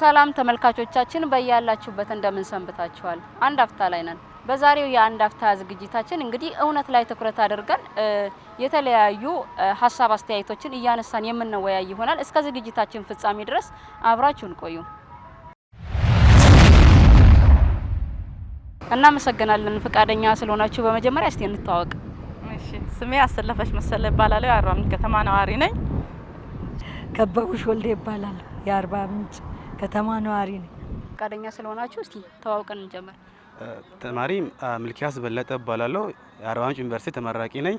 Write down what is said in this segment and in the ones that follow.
ሰላም ተመልካቾቻችን በያላችሁበት እንደምን ሰንብታችኋል? አንድ አፍታ ላይ ነን። በዛሬው የአንድ አፍታ ዝግጅታችን እንግዲህ እውነት ላይ ትኩረት አድርገን የተለያዩ ሀሳብ አስተያየቶችን እያነሳን የምንወያይ ይሆናል። እስከ ዝግጅታችን ፍጻሜ ድረስ አብራችሁን ቆዩ። እናመሰግናለን ፈቃደኛ ስለሆናችሁ። በመጀመሪያ እስቲ እንተዋወቅ። እሺ፣ ስሜ አሰለፈች መሰለ ይባላለሁ። የአርባ ምንጭ ከተማ ነዋሪ ነኝ። ከበቡሽ ወልዴ ይባላል። የአርባ ምንጭ ከተማ ነዋሪ ነኝ። ፈቃደኛ ስለሆናችሁ እስቲ ተዋውቀን እንጀምር። ተማሪ ሚልኪያስ በለጠ እባላለሁ። የአርባ ምንጭ ዩኒቨርሲቲ ተመራቂ ነኝ።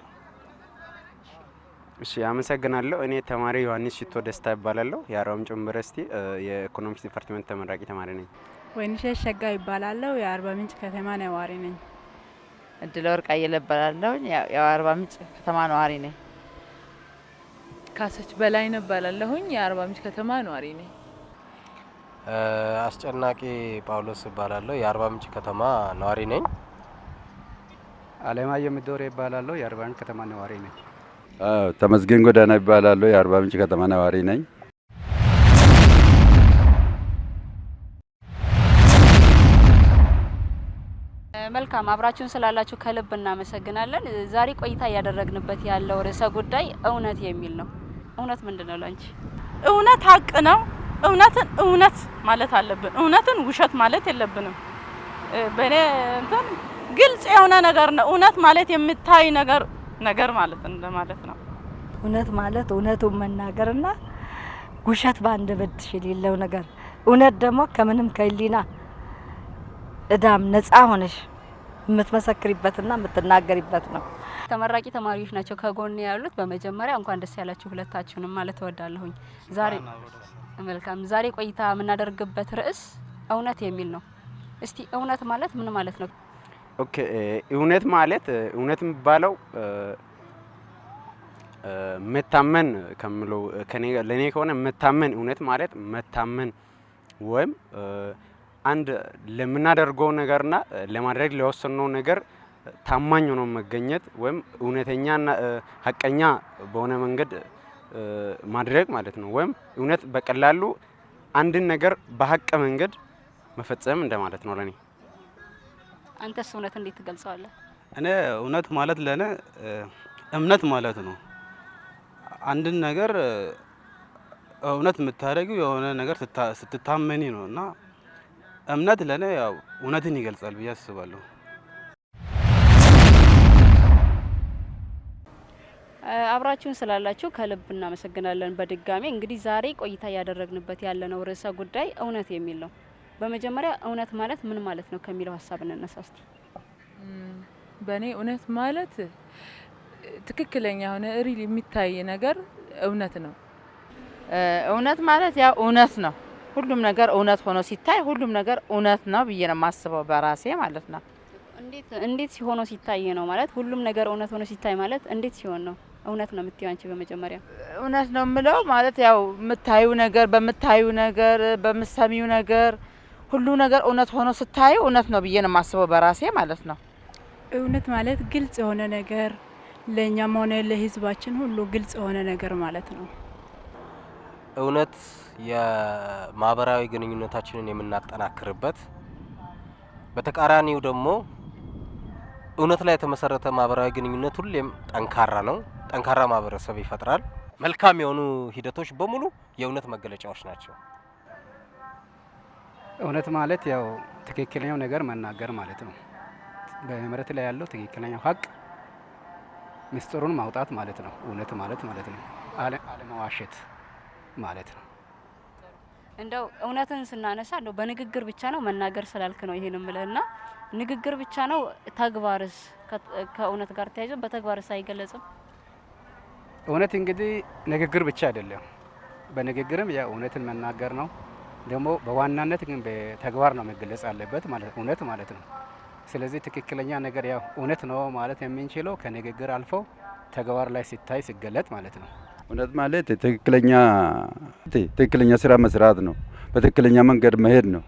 እሺ አመሰግናለሁ። እኔ ተማሪ ዮሐንስ ሽቶ ደስታ ይባላለሁ የአርባ ምንጭ ዩኒቨርሲቲ የኢኮኖሚክስ ዲፓርትመንት ተመራቂ ተማሪ ነኝ። ወይንሸት ሸጋ ይባላለሁ። የአርባ ምንጭ ከተማ ነዋሪ ነኝ። እድለ ወርቅ አየለ እባላለሁ። የአርባ ምንጭ ከተማ ነዋሪ ነኝ። ካሰች በላይ እባላለሁኝ። የአርባ ምንጭ ከተማ ነዋሪ ነኝ። አስጨናቂ ጳውሎስ እባላለሁ። የአርባ ምንጭ ከተማ ነዋሪ ነኝ። አለማየሁ ምዶሬ እባላለሁ። የአርባ ምንጭ ከተማ ነዋሪ ነኝ። ተመስገን ጎዳና እባላለሁ። የአርባ ምንጭ ከተማ ነዋሪ ነኝ። መልካም አብራችሁን ስላላችሁ ከልብ እናመሰግናለን። ዛሬ ቆይታ እያደረግንበት ያለው ርዕሰ ጉዳይ እውነት የሚል ነው። እውነት ምንድን ነው? ለአንቺ እውነት ሀቅ ነው እውነትን እውነት ማለት አለብን። እውነትን ውሸት ማለት የለብንም። በእኔ እንትን ግልጽ የሆነ ነገር ነው። እውነት ማለት የምታይ ነገር ነገር ማለት እንደማለት ነው። እውነት ማለት እውነቱን መናገርና ውሸት በአንድ በትሽ የሌለው ነገር እውነት ደግሞ ከምንም ከህሊና እዳም ነጻ ሆነሽ የምትመሰክሪበትና የምትናገሪበት ነው። ተመራቂ ተማሪዎች ናቸው ከጎን ያሉት። በመጀመሪያ እንኳን ደስ ያላችሁ ሁለታችሁንም ማለት እወዳለሁኝ ዛሬ መልካም። ዛሬ ቆይታ የምናደርግበት ርዕስ እውነት የሚል ነው። እስቲ እውነት ማለት ምን ማለት ነው? ኦኬ እውነት ማለት እውነት የሚባለው መታመን ከምለው ለእኔ ከሆነ መታመን እውነት ማለት መታመን ወይም አንድ ለምናደርገው ነገርና ለማድረግ ለወሰነው ነገር ታማኝ ሆኖ መገኘት ወይም እውነተኛና ሀቀኛ በሆነ መንገድ ማድረግ ማለት ነው። ወይም እውነት በቀላሉ አንድን ነገር በሀቅ መንገድ መፈጸም እንደማለት ነው ለኔ። አንተስ እውነት እንዴት ትገልጸዋለህ? እኔ እውነት ማለት ለእኔ እምነት ማለት ነው። አንድን ነገር እውነት የምታደርጊው የሆነ ነገር ስትታመኒ ነው እና እምነት ለእኔ ያው እውነትን ይገልጻል ብዬ አስባለሁ። አብራችሁን ስላላችሁ ከልብ እናመሰግናለን። በድጋሚ እንግዲህ ዛሬ ቆይታ እያደረግንበት ያለነው ርዕሰ ጉዳይ እውነት የሚል ነው። በመጀመሪያ እውነት ማለት ምን ማለት ነው ከሚለው ሀሳብ እንነሳ እስቲ። በእኔ እውነት ማለት ትክክለኛ የሆነ ሪል የሚታይ ነገር እውነት ነው። እውነት ማለት ያው እውነት ነው። ሁሉም ነገር እውነት ሆኖ ሲታይ ሁሉም ነገር እውነት ነው ብዬ ነው የማስበው በራሴ ማለት ነው። እንዴት ሲሆኖ ሲታይ ነው ማለት ሁሉም ነገር እውነት ሆኖ ሲታይ ማለት እንዴት ሲሆን ነው? እውነት ነው የምትይው አንቺ? በመጀመሪያ እውነት ነው የምለው ማለት ያው የምታዩ ነገር በምታዩ ነገር በምሰሚው ነገር ሁሉ ነገር እውነት ሆኖ ስታዩ እውነት ነው ብዬ ነው የማስበው በራሴ ማለት ነው። እውነት ማለት ግልጽ የሆነ ነገር ለእኛም ሆነ ለህዝባችን ሁሉ ግልጽ የሆነ ነገር ማለት ነው። እውነት የማህበራዊ ግንኙነታችንን የምናጠናክርበት፣ በተቃራኒው ደግሞ እውነት ላይ የተመሰረተ ማህበራዊ ግንኙነት ሁሌም ጠንካራ ነው። ጠንካራ ማህበረሰብ ይፈጥራል። መልካም የሆኑ ሂደቶች በሙሉ የእውነት መገለጫዎች ናቸው። እውነት ማለት ያው ትክክለኛው ነገር መናገር ማለት ነው። በመሬት ላይ ያለው ትክክለኛው ሀቅ ምስጢሩን ማውጣት ማለት ነው። እውነት ማለት ማለት ነው። አለመዋሸት ማለት ነው። እንደው እውነትን ስናነሳ እንደው በንግግር ብቻ ነው መናገር ስላልክ ነው ይሄን ምልህና፣ ንግግር ብቻ ነው ተግባርስ ከእውነት ጋር ተያይዞ በተግባርስ አይገለጽም? እውነት እንግዲህ ንግግር ብቻ አይደለም። በንግግርም ያው እውነትን መናገር ነው። ደግሞ በዋናነት ግን በተግባር ነው መገለጽ አለበት ማለት እውነት ማለት ነው። ስለዚህ ትክክለኛ ነገር ያው እውነት ነው ማለት የምንችለው ከንግግር አልፎ ተግባር ላይ ሲታይ ሲገለጥ ማለት ነው። እውነት ማለት ትክክለኛ ትክክለኛ ስራ መስራት ነው። በትክክለኛ መንገድ መሄድ ነው።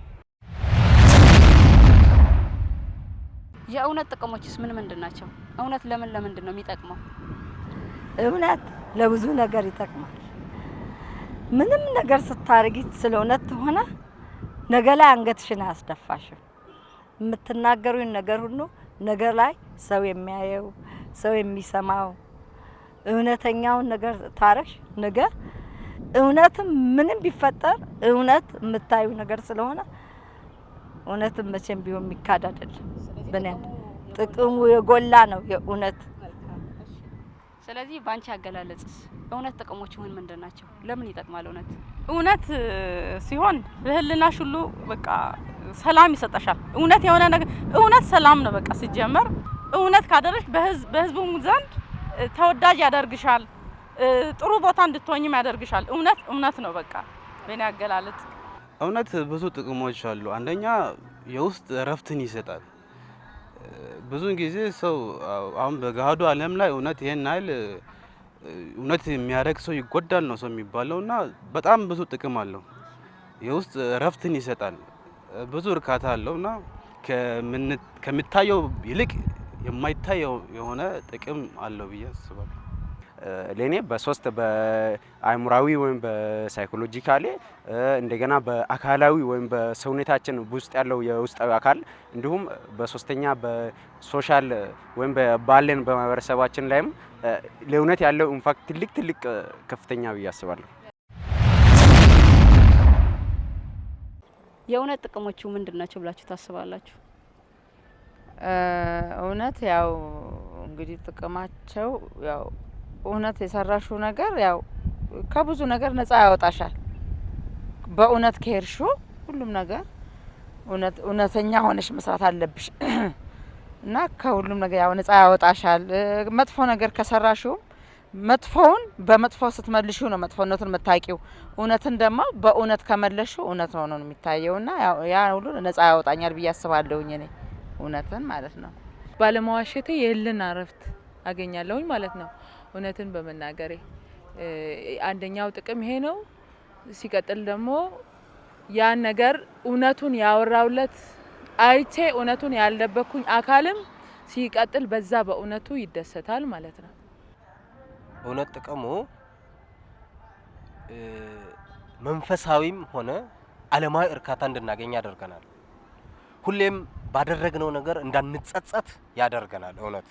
የእውነት ጥቅሞችስ ምን ምንድን ናቸው? እውነት ለምን ለምንድን ነው የሚጠቅመው? እውነት ለብዙ ነገር ይጠቅማል። ምንም ነገር ስታርጊ ስለ እውነት ሆነ ነገ ላይ አንገትሽን አያስደፋሽም። የምትናገሩኝ ነገር ሁሉ ነገር ላይ ሰው የሚያየው ሰው የሚሰማው እውነተኛውን ነገር ታረሽ ነገ እውነትም ምንም ቢፈጠር እውነት የምታዩ ነገር ስለሆነ እውነትም መቼም ቢሆን የሚካድ አይደለም። ጥቅሙ የጎላ ነው የእውነት ስለዚህ ባንቺ አገላለጽስ እውነት ጥቅሞች ምን ምንድን ናቸው? ለምን ይጠቅማል? እውነት እውነት ሲሆን ለህልናሽ ሁሉ በቃ ሰላም ይሰጠሻል። እውነት የሆነ ነገር እውነት ሰላም ነው። በቃ ሲጀመር እውነት ካደረሽ በህዝቡ ዘንድ ተወዳጅ ያደርግሻል። ጥሩ ቦታ እንድትሆኝም ያደርግሻል። እውነት እውነት ነው። በቃ በእኔ አገላለጽ እውነት ብዙ ጥቅሞች አሉ። አንደኛ የውስጥ እረፍትን ይሰጣል። ብዙውን ጊዜ ሰው አሁን በገሃዱ ዓለም ላይ እውነት ይሄን ያህል እውነት የሚያደርግ ሰው ይጎዳል ነው ሰው የሚባለው እና በጣም ብዙ ጥቅም አለው። የውስጥ እረፍትን ይሰጣል፣ ብዙ እርካታ አለው እና ከሚታየው ይልቅ የማይታየው የሆነ ጥቅም አለው ብዬ አስባለሁ። ለእኔ በሶስት በአእምሯዊ ወይም በሳይኮሎጂካሊ እንደገና በአካላዊ ወይም በሰውነታችን ውስጥ ያለው የውስጣዊ አካል እንዲሁም በሶስተኛ በሶሻል ወይም ባለን በማህበረሰባችን ላይም ለእውነት ያለው ኢንፋክት ትልቅ ትልቅ ከፍተኛ ብዬ አስባለሁ። የእውነት ጥቅሞቹ ምንድን ናቸው ብላችሁ ታስባላችሁ? እውነት ያው እንግዲህ ጥቅማቸው ያው እውነት የሰራሹ ነገር ያው ከብዙ ነገር ነጻ ያወጣሻል። በእውነት ከሄድሹ ሁሉም ነገር እውነተኛ ሆነሽ መስራት አለብሽ እና ከሁሉም ነገር ያው ነጻ ያወጣሻል። መጥፎ ነገር ከሰራሽውም መጥፎውን በመጥፎ ስትመልሹ ነው መጥፎነቱን የምታውቂው። እውነትን ደግሞ በእውነት ከመለሹ እውነት ሆኖ ነው የሚታየውና ያ ሁሉ ነጻ ያወጣኛል ብዬ አስባለሁኝ። እኔ እውነትን ማለት ነው ባለመዋሸቴ የህልን አረፍት አገኛለሁኝ ማለት ነው። እውነትን በመናገሬ አንደኛው ጥቅም ይሄ ነው። ሲቀጥል ደግሞ ያን ነገር እውነቱን ያወራውለት አይቼ እውነቱን ያልደበኩኝ አካልም ሲቀጥል በዛ በእውነቱ ይደሰታል ማለት ነው። እውነት ጥቅሙ መንፈሳዊም ሆነ ዓለማዊ እርካታ እንድናገኝ ያደርገናል። ሁሌም ባደረግነው ነገር እንዳንጸጸት ያደርገናል እውነት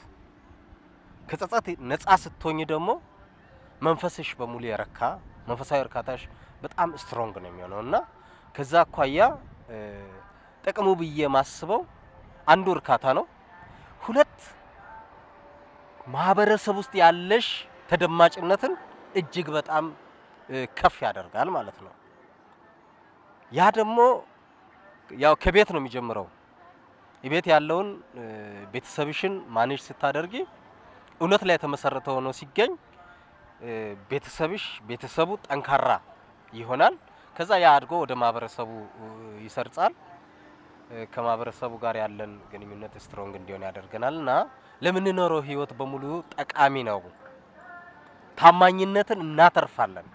ከጸጸት ነጻ ስትሆኝ ደግሞ መንፈስሽ በሙሉ የረካ መንፈሳዊ እርካታሽ በጣም ስትሮንግ ነው የሚሆነው እና ከዛ አኳያ ጥቅሙ ብዬ ማስበው አንዱ እርካታ ነው። ሁለት ማህበረሰብ ውስጥ ያለሽ ተደማጭነትን እጅግ በጣም ከፍ ያደርጋል ማለት ነው። ያ ደግሞ ያው ከቤት ነው የሚጀምረው። ቤት ያለውን ቤተሰብሽን ማኔጅ ስታደርጊ እውነት ላይ የተመሰረተ ሆኖ ሲገኝ ቤተሰብሽ ቤተሰቡ ጠንካራ ይሆናል። ከዛ ያ አድጎ ወደ ማህበረሰቡ ይሰርጻል። ከማህበረሰቡ ጋር ያለን ግንኙነት ስትሮንግ እንዲሆን ያደርገናል እና ለምንኖረው ህይወት በሙሉ ጠቃሚ ነው። ታማኝነትን እናተርፋለን።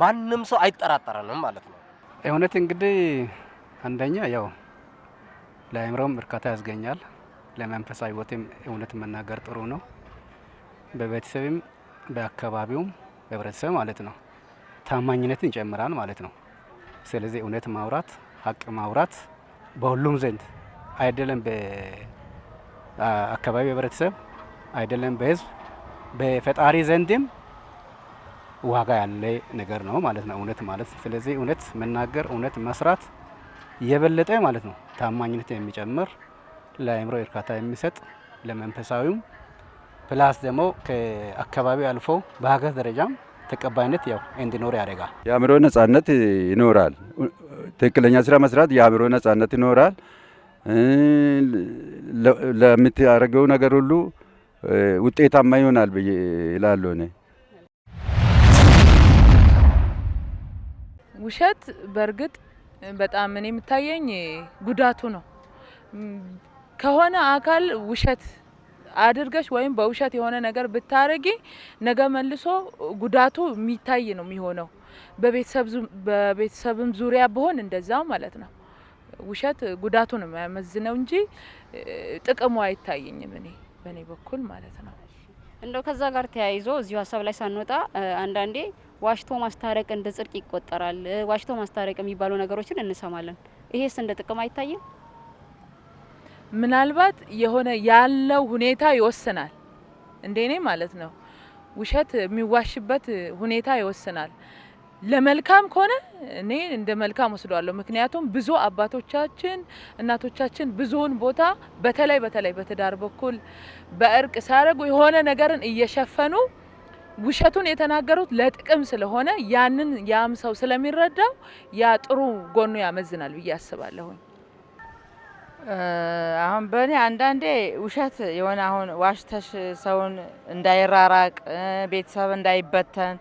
ማንም ሰው አይጠራጠረንም ማለት ነው። እውነት እንግዲህ አንደኛ ያው ለአእምሮም እርካታ ያስገኛል። ለመንፈሳዊ ሕይወቴም እውነት መናገር ጥሩ ነው። በቤተሰብም በአካባቢውም በህብረተሰብ ማለት ነው ታማኝነትን ይጨምራል ማለት ነው። ስለዚህ እውነት ማውራት ሀቅ ማውራት በሁሉም ዘንድ አይደለም፣ በአካባቢ ህብረተሰብ አይደለም፣ በህዝብ በፈጣሪ ዘንድም ዋጋ ያለ ነገር ነው ማለት ነው እውነት ማለት። ስለዚህ እውነት መናገር እውነት መስራት የበለጠ ማለት ነው ታማኝነት የሚጨምር ለአእምሮ እርካታ የሚሰጥ ለመንፈሳዊም ፕላስ ደግሞ ከአካባቢ አልፎ በሀገር ደረጃም ተቀባይነት ያው እንዲኖር ያደርጋል። የአእምሮ ነጻነት ይኖራል። ትክክለኛ ስራ መስራት የአእምሮ ነጻነት ይኖራል። ለምታደርገው ነገር ሁሉ ውጤታማ ይሆናል ብዬ እላለሁ እኔ። ውሸት በእርግጥ በጣም እኔ የምታየኝ ጉዳቱ ነው። ከሆነ አካል ውሸት አድርገሽ ወይም በውሸት የሆነ ነገር ብታረጊ ነገ መልሶ ጉዳቱ የሚታይ ነው የሚሆነው። በቤተሰብም ዙሪያ ብሆን እንደዛው ማለት ነው። ውሸት ጉዳቱ ነው የሚያመዝነው እንጂ ጥቅሙ አይታየኝም፣ እኔ በእኔ በኩል ማለት ነው። እንደው ከዛ ጋር ተያይዞ እዚሁ ሀሳብ ላይ ሳንወጣ አንዳንዴ ዋሽቶ ማስታረቅ እንደ ጽድቅ ይቆጠራል፣ ዋሽቶ ማስታረቅ የሚባሉ ነገሮችን እንሰማለን። ይሄስ እንደ ጥቅም አይታይም? ምናልባት የሆነ ያለው ሁኔታ ይወስናል። እንደኔ ማለት ነው። ውሸት የሚዋሽበት ሁኔታ ይወስናል። ለመልካም ከሆነ እኔ እንደ መልካም ወስደዋለሁ። ምክንያቱም ብዙ አባቶቻችን እናቶቻችን ብዙውን ቦታ በተለይ በተለይ በትዳር በኩል በእርቅ ሲያደርጉ የሆነ ነገርን እየሸፈኑ ውሸቱን የተናገሩት ለጥቅም ስለሆነ ያንን ያም ሰው ስለሚረዳው ያ ጥሩ ጎኑ ያመዝናል ብዬ አስባለሁኝ። አሁን በእኔ አንዳንዴ ውሸት የሆነ አሁን ዋሽተሽ ሰውን እንዳይራራቅ ቤተሰብ እንዳይበተን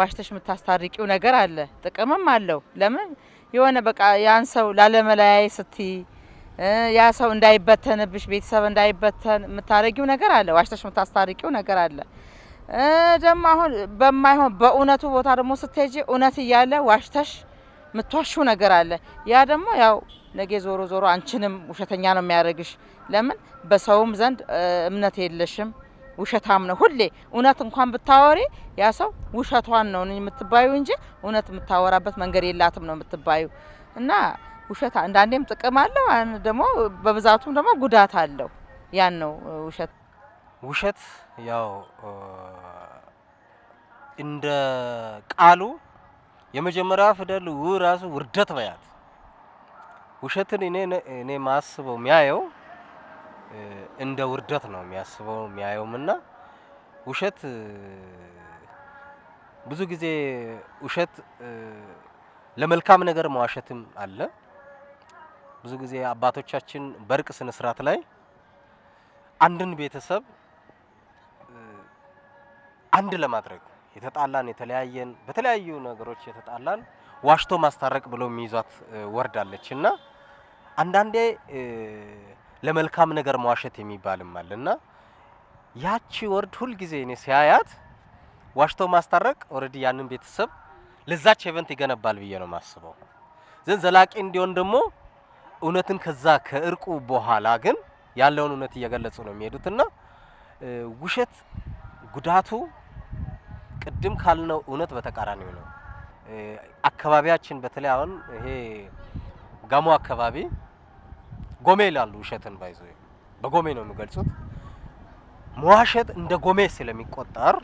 ዋሽተሽ የምታስታርቂው ነገር አለ። ጥቅምም አለው። ለምን የሆነ በቃ ያን ሰው ላለመለያይ ስትይ ያ ሰው እንዳይበተንብሽ ቤተሰብ እንዳይበተን የምታረጊው ነገር አለ። ዋሽተሽ የምታስታርቂው ነገር አለ። ደግሞ አሁን በማይሆን በእውነቱ ቦታ ደግሞ ስትሄጂ እውነት እያለ ዋሽተሽ የምትዋሹ ነገር አለ። ያ ደግሞ ያው ነገ ዞሮ ዞሮ አንቺንም ውሸተኛ ነው የሚያደርግሽ። ለምን በሰውም ዘንድ እምነት የለሽም፣ ውሸታም ነው። ሁሌ እውነት እንኳን ብታወሪ ያ ሰው ውሸቷን ነው የምትባዩ እንጂ እውነት የምታወራበት መንገድ የላትም ነው የምትባዩ እና ውሸት አንዳንዴም ጥቅም አለው፣ ደግሞ በብዛቱም ደግሞ ጉዳት አለው። ያን ነው ውሸት ውሸት ያው እንደ ቃሉ የመጀመሪያ ፊደል ው ራሱ ውርደት በያት ውሸትን እኔ እኔ ማስበው የሚያየው እንደ ውርደት ነው የሚያስበው የሚያየውም እና ውሸት ብዙ ጊዜ ውሸት ለመልካም ነገር መዋሸትም አለ። ብዙ ጊዜ አባቶቻችን በእርቅ ስነ ስርዓት ላይ አንድን ቤተሰብ አንድ ለማድረግ የተጣላን የተለያየን በተለያዩ ነገሮች የተጣላን ዋሽቶ ማስታረቅ ብሎ የሚይዟት ወርዳለች እና አንዳንዴ ለመልካም ነገር መዋሸት የሚባልም አለ እና ያቺ ወርድ ሁልጊዜ እኔ ሲያያት ዋሽቶ ማስታረቅ ኦልሬዲ ያንን ቤተሰብ ለዛች ኤቨንት ይገነባል ብዬ ነው የማስበው። ዘን ዘላቂ እንዲሆን ደግሞ እውነትን ከዛ ከእርቁ በኋላ ግን ያለውን እውነት እየገለጹ ነው የሚሄዱትና ውሸት ጉዳቱ ቅድም ካልነው እውነት በተቃራኒው ነው። አካባቢያችን በተለይ አሁን ይሄ ጋሞ አካባቢ ጎሜ ይላሉ። ውሸትን ባይዞ በጎሜ ነው የሚገልጹት። መዋሸት እንደ ጎሜ ስለሚቆጠር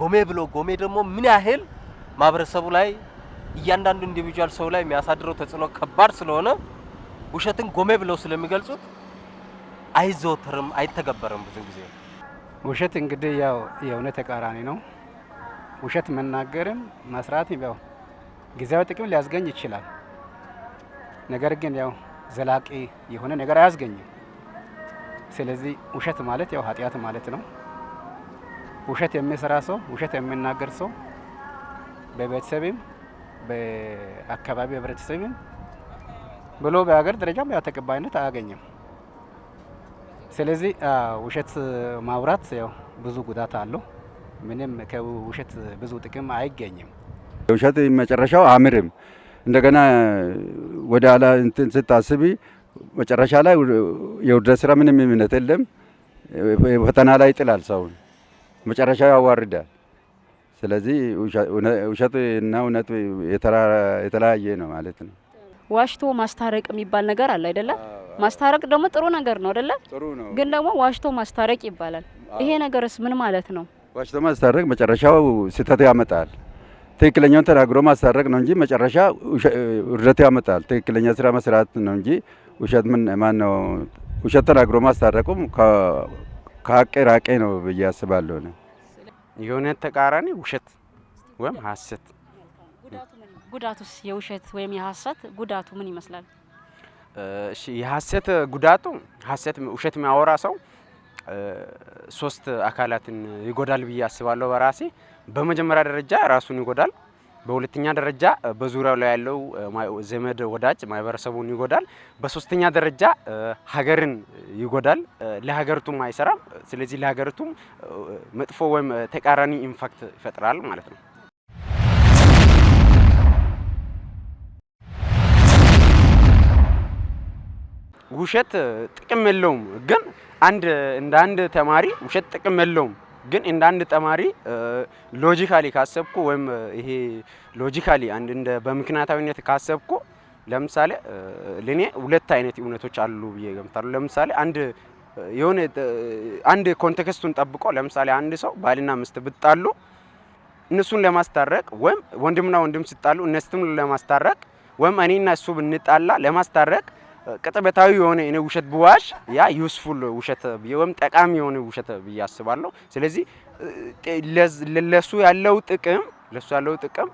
ጎሜ ብሎ ጎሜ ደግሞ ምን ያህል ማህበረሰቡ ላይ እያንዳንዱ ኢንዲቪጁዋል ሰው ላይ የሚያሳድረው ተጽዕኖ ከባድ ስለሆነ ውሸትን ጎሜ ብለው ስለሚገልጹት አይዘወተርም፣ አይተገበርም። ብዙ ጊዜ ውሸት እንግዲህ ያው የእውነት ተቃራኒ ነው። ውሸት መናገርም መስራትም ያው ጊዜያዊ ጥቅም ሊያስገኝ ይችላል። ነገር ግን ያው ዘላቂ የሆነ ነገር አያስገኝም። ስለዚህ ውሸት ማለት ያው ኃጢአት ማለት ነው። ውሸት የሚሰራ ሰው፣ ውሸት የሚናገር ሰው በቤተሰብም በአካባቢ ህብረተሰብም ብሎ በሀገር ደረጃም ያው ተቀባይነት አያገኝም። ስለዚህ ውሸት ማውራት ያው ብዙ ጉዳት አለው። ምንም ከውሸት ብዙ ጥቅም አይገኝም። ውሸት መጨረሻው አምርም እንደገና ወደ ኋላ እንትን ስታስቢ መጨረሻ ላይ የውርደት ስራ ምንም እምነት የለም። ፈተና ላይ ይጥላል ሰውን፣ መጨረሻ ያዋርዳል። ስለዚህ ውሸትና እውነት የተለያየ ነው ማለት ነው። ዋሽቶ ማስታረቅ የሚባል ነገር አለ አይደለም? ማስታረቅ ደግሞ ጥሩ ነገር ነው አይደለ? ግን ደግሞ ዋሽቶ ማስታረቅ ይባላል። ይሄ ነገርስ ምን ማለት ነው? ዋሽቶ ማስታረቅ መጨረሻው ስህተት ያመጣል። ትክክለኛውን ተናግሮ ማስታረቅ ነው እንጂ መጨረሻ ውርደት ያመጣል። ትክክለኛ ስራ መስራት ነው እንጂ ውሸት ምን ማነው ውሸት ተናግሮ ማስታረቁም ከሀቅ ራቄ ነው ብዬ አስባለሁ። የእውነት ተቃራኒ ውሸት ወይም ሀሰት። ጉዳቱስ የውሸት ወይም የሀሰት ጉዳቱ ምን ይመስላል? የሀሰት ጉዳቱ ሀሰት ውሸት የሚያወራ ሰው ሶስት አካላትን ይጎዳል ብዬ አስባለሁ በራሴ በመጀመሪያ ደረጃ ራሱን ይጎዳል። በሁለተኛ ደረጃ በዙሪያው ላይ ያለው ዘመድ ወዳጅ ማህበረሰቡን ይጎዳል። በሶስተኛ ደረጃ ሀገርን ይጎዳል። ለሀገሪቱም አይሰራም። ስለዚህ ለሀገሪቱም መጥፎ ወይም ተቃራኒ ኢንፋክት ይፈጥራል ማለት ነው። ውሸት ጥቅም የለውም፣ ግን አንድ እንደ አንድ ተማሪ ውሸት ጥቅም የለውም ግን እንደ አንድ ተማሪ ሎጂካሊ ካሰብኩ ወይም ይሄ ሎጂካሊ እንደ በምክንያታዊነት ካሰብኩ ለምሳሌ ለኔ ሁለት አይነት እውነቶች አሉ ብዬ ገምታለሁ። ለምሳሌ አንድ የሆነ አንድ ኮንቴክስቱን ጠብቆ ለምሳሌ አንድ ሰው ባልና ምስት ብጣሉ እነሱን ለማስታረቅ ወይም ወንድምና ወንድም ሲጣሉ እነሱን ለማስታረቅ ወይም እኔና እሱ ብንጣላ ለማስታረቅ ቅጥበታዊ የሆነ እኔ ውሸት ብዋሽ ያ ዩስፉል ውሸት ወይም ጠቃሚ የሆነ ውሸት ብዬ አስባለሁ። ስለዚህ ለሱ ያለው ጥቅም ለሱ ያለው ጥቅም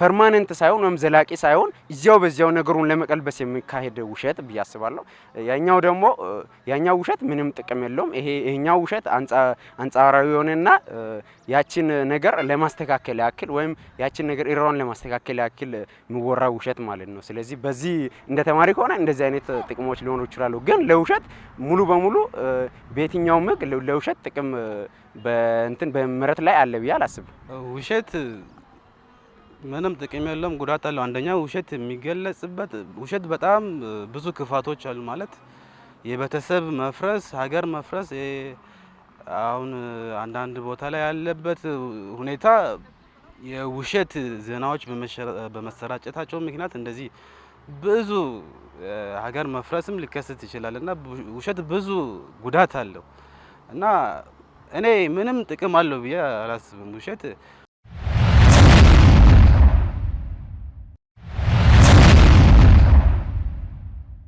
ፐርማነንት ሳይሆን ወይም ዘላቂ ሳይሆን እዚያው በዚያው ነገሩን ለመቀልበስ የሚካሄድ ውሸት ብዬ አስባለሁ። ያኛው ደግሞ ያኛው ውሸት ምንም ጥቅም የለውም። ይሄ ይሄኛው ውሸት አንጻራዊ የሆነና ያችን ነገር ለማስተካከል ያክል ወይም ያችን ነገር ኢራን ለማስተካከል ያክል የሚወራ ውሸት ማለት ነው። ስለዚህ በዚህ እንደ ተማሪ ከሆነ እንደዚህ አይነት ጥቅሞች ሊሆኑ ይችላሉ። ግን ለውሸት ሙሉ በሙሉ በየትኛውም ህግ ለውሸት ጥቅም በእንትን በመረት ላይ አለ ብዬ አላስብም። ውሸት ምንም ጥቅም የለም፣ ጉዳት አለው። አንደኛ ውሸት የሚገለጽበት ውሸት በጣም ብዙ ክፋቶች አሉ። ማለት የቤተሰብ መፍረስ፣ ሀገር መፍረስ፣ አሁን አንዳንድ ቦታ ላይ ያለበት ሁኔታ የውሸት ዜናዎች በመሰራጨታቸው ምክንያት እንደዚህ ብዙ ሀገር መፍረስም ሊከሰት ይችላል እና ውሸት ብዙ ጉዳት አለው እና እኔ ምንም ጥቅም አለው ብዬ አላስብም ውሸት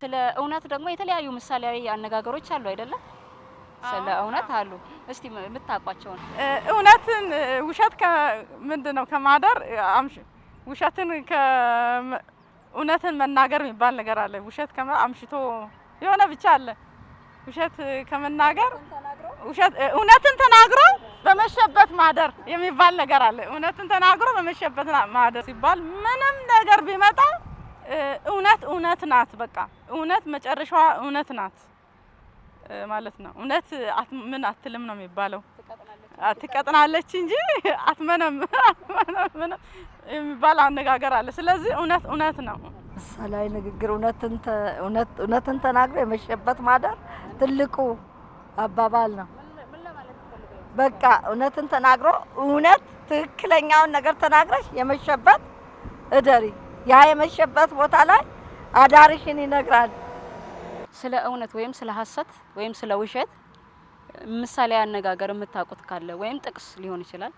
ስለ እውነት ደግሞ የተለያዩ ምሳሌያዊ አነጋገሮች አሉ አይደለም? ስለ እውነት አሉ። እስቲ የምታውቋቸውን እውነትን ውሸት ምንድን ነው ከማደር ውሸትን እውነትን መናገር የሚባል ነገር አለ። ውሸት አምሽቶ የሆነ ብቻ አለ። ውሸት ከመናገር እውነትን ተናግሮ በመሸበት ማደር የሚባል ነገር አለ። እውነትን ተናግሮ በመሸበት ማደር ሲባል ምንም ነገር ቢመጣ እውነት እውነት ናት። በቃ እውነት መጨረሻዋ እውነት ናት ማለት ነው። እውነት ምን አትልም ነው የሚባለው። ትቀጥናለች እንጂ አትመነም የሚባል አነጋገር አለ። ስለዚህ እውነት እውነት ነው። ምሳሌያዊ ንግግር እውነትን ተናግሮ የመሸበት ማደር ትልቁ አባባል ነው። በቃ እውነትን ተናግሮ እውነት ትክክለኛውን ነገር ተናግረሽ የመሸበት እደሪ ያ የመሸበት ቦታ ላይ አዳርሽን ይነግራል። ስለ እውነት ወይም ስለ ሀሰት ወይም ስለ ውሸት ምሳሌ አነጋገር የምታውቁት ካለ ወይም ጥቅስ ሊሆን ይችላል።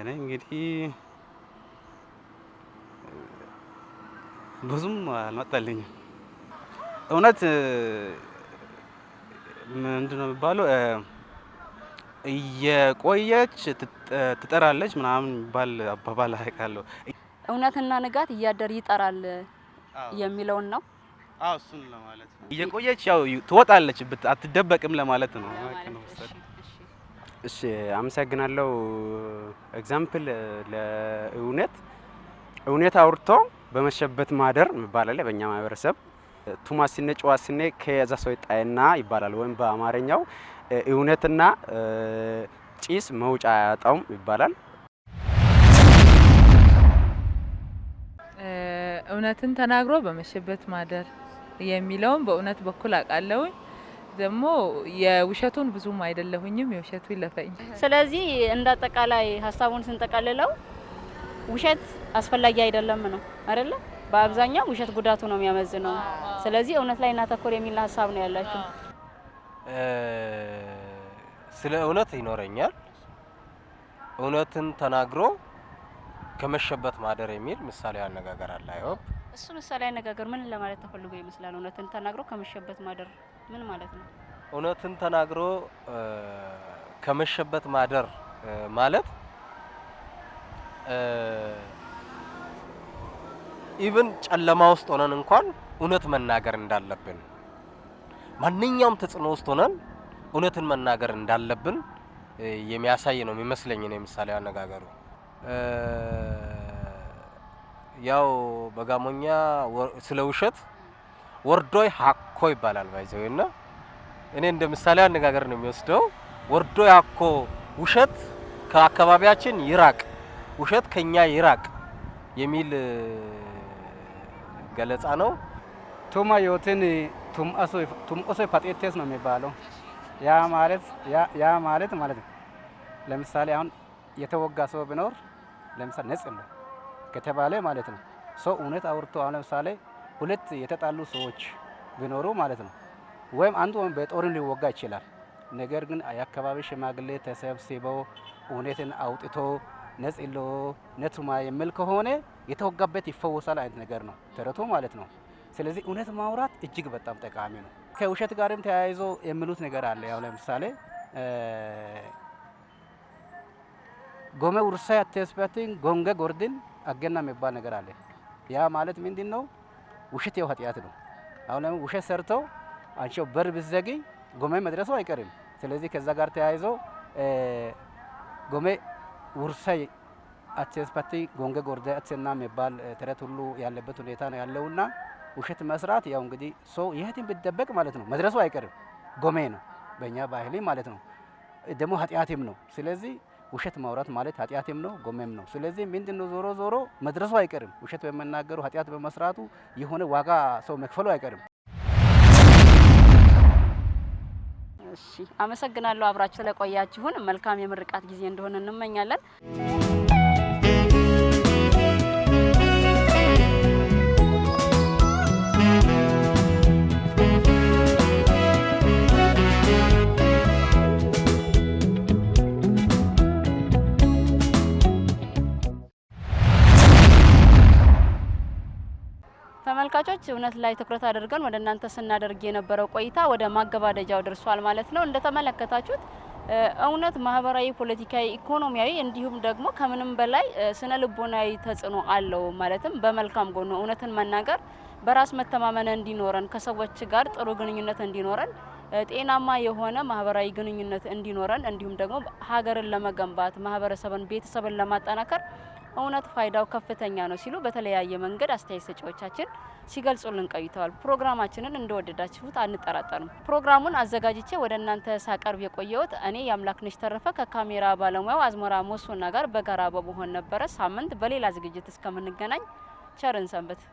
እኔ እንግዲህ ብዙም አልመጣልኝም። እውነት ምንድን ነው የሚባለው? እየቆየች ትጠራለች ምናምን ባል አባባል አውቃለሁ። እውነትና ንጋት እያደር ይጠራል የሚለውን ነው። አዎ እሱን ለማለት ነው። እየቆየች ያው ትወጣለች፣ አትደበቅም ለማለት ነው። እሺ አመሰግናለሁ። ኤግዛምፕል ለእውነት እውነት አውርቶ በመሸበት ማደር ይባላል በእኛ ማህበረሰብ። ቱማሲነ ጨዋሲነ ከዛ ሰው ይጣይና ይባላል ወይም በአማርኛው እውነትና ጭስ መውጫ አያጣውም ይባላል። እውነትን ተናግሮ በመሸበት ማደር የሚለውን በእውነት በኩል አውቃለሁኝ። ደግሞ የውሸቱን ብዙም አይደለሁኝም፣ የውሸቱ ይለፈኝ። ስለዚህ እንደ አጠቃላይ ሀሳቡን ስንጠቀልለው ውሸት አስፈላጊ አይደለም ነው አይደለ? በአብዛኛው ውሸት ጉዳቱ ነው የሚያመዝነው። ስለዚህ እውነት ላይ እናተኮር የሚል ሀሳብ ነው ያላችሁ። ስለ እውነት ይኖረኛል እውነትን ተናግሮ ከመሸበት ማደር የሚል ምሳሌ አነጋገር አለ። አይሆን እሱ ምሳሌ አነጋገር ምን ለማለት ተፈልጎ ይመስላል? እውነትን ተናግሮ ከመሸበት ማደር ምን ማለት ነው? እውነትን ተናግሮ ከመሸበት ማደር ማለት ኢቭን ጨለማ ውስጥ ሆነን እንኳን እውነት መናገር እንዳለብን ማንኛውም ተጽዕኖ ውስጥ ሆነን እውነትን መናገር እንዳለብን የሚያሳይ ነው የሚመስለኝ ነው። ምሳሌ አነጋገሩ ያው በጋሞኛ ስለ ውሸት ወርዶይ ሀኮ ይባላል። ባይዘው እና እኔ እንደ ምሳሌ አነጋገር ነው የሚወስደው። ወርዶይ ሀኮ ውሸት ከአካባቢያችን ይራቅ፣ ውሸት ከኛ ይራቅ የሚል ገለጻ ነው ቶማ ህይወትን ቱምኦሶ ፓጤቴስ ነው የሚባለው። ያ ማለት ያ ማለት ማለት ነው። ለምሳሌ አሁን የተወጋ ሰው ቢኖር ለምሳሌ ነጽ ነው ከተባለ ማለት ነው። ሰው እውነት አውርቶ አሁን ለምሳሌ ሁለት የተጣሉ ሰዎች ቢኖሩ ማለት ነው። ወይም አንዱ በጦርን ሊወጋ ይችላል። ነገር ግን የአካባቢ ሽማግሌ ተሰብስበው እውነትን አውጥቶ ነጽሎ ነቱማ የሚል ከሆነ የተወጋበት ይፈወሳል አይነት ነገር ነው ተረቱ ማለት ነው። ስለዚህ እውነት ማውራት እጅግ በጣም ጠቃሚ ነው። ከውሸት ጋርም ተያይዞ የሚሉት ነገር አለ። ያው ለምሳሌ ጎመ ውርሳ ያተስበትን ጎንገ ጎርድን አገና የሚባል ነገር አለ። ያ ማለት ምንድን ነው? ውሸት ያው ኃጢአት ነው። አሁን ለምን ውሸት ሰርቶ አንቺ በር ብዘጊ ጎመ መድረሱ አይቀርም። ስለዚህ ከዛ ጋር ተያይዞ ጎመ ውርሳ አቴስፓቲ ጎንገ ጎርደ አቴና የሚባል ተረት ሁሉ ያለበት ሁኔታ ነው ያለውና ውሸት መስራት ያው እንግዲህ ሰው የትም ቢደበቅ ማለት ነው መድረሱ አይቀርም። ጎሜ ነው በእኛ ባህል ማለት ነው፣ ደግሞ ኃጢአትም ነው። ስለዚህ ውሸት ማውራት ማለት ኃጢአትም ነው ጎሜም ነው። ስለዚህ ምንድነው ዞሮ ዞሮ መድረሱ አይቀርም። ውሸት በመናገሩ ኃጢአት በመስራቱ የሆነ ዋጋ ሰው መክፈሉ አይቀርም። እሺ፣ አመሰግናለሁ አብራችሁ ስለቆያችሁን። መልካም የምርቃት ጊዜ እንደሆነ እንመኛለን። ተመልካቾች እውነት ላይ ትኩረት አድርገን ወደ እናንተ ስናደርግ የነበረው ቆይታ ወደ ማገባደጃው ደርሷል ማለት ነው። እንደተመለከታችሁት እውነት ማህበራዊ፣ ፖለቲካዊ፣ ኢኮኖሚያዊ እንዲሁም ደግሞ ከምንም በላይ ስነ ልቦናዊ ተጽዕኖ አለው። ማለትም በመልካም ጎኑ እውነትን መናገር በራስ መተማመን እንዲኖረን፣ ከሰዎች ጋር ጥሩ ግንኙነት እንዲኖረን፣ ጤናማ የሆነ ማህበራዊ ግንኙነት እንዲኖረን እንዲሁም ደግሞ ሀገርን ለመገንባት ማህበረሰብን፣ ቤተሰብን ለማጠናከር እውነት ፋይዳው ከፍተኛ ነው ሲሉ በተለያየ መንገድ አስተያየት ሰጪዎቻችን ሲገልጹልን ቆይተዋል። ፕሮግራማችንን እንደወደዳችሁት አንጠራጠርም። ፕሮግራሙን አዘጋጅቼ ወደ እናንተ ሳቀርብ የቆየሁት እኔ የአምላክነሽ ተረፈ ከካሜራ ባለሙያው አዝመራ ሞሶና ጋር በጋራ በመሆን ነበረ። ሳምንት በሌላ ዝግጅት እስከምንገናኝ ቸርን ሰንበት።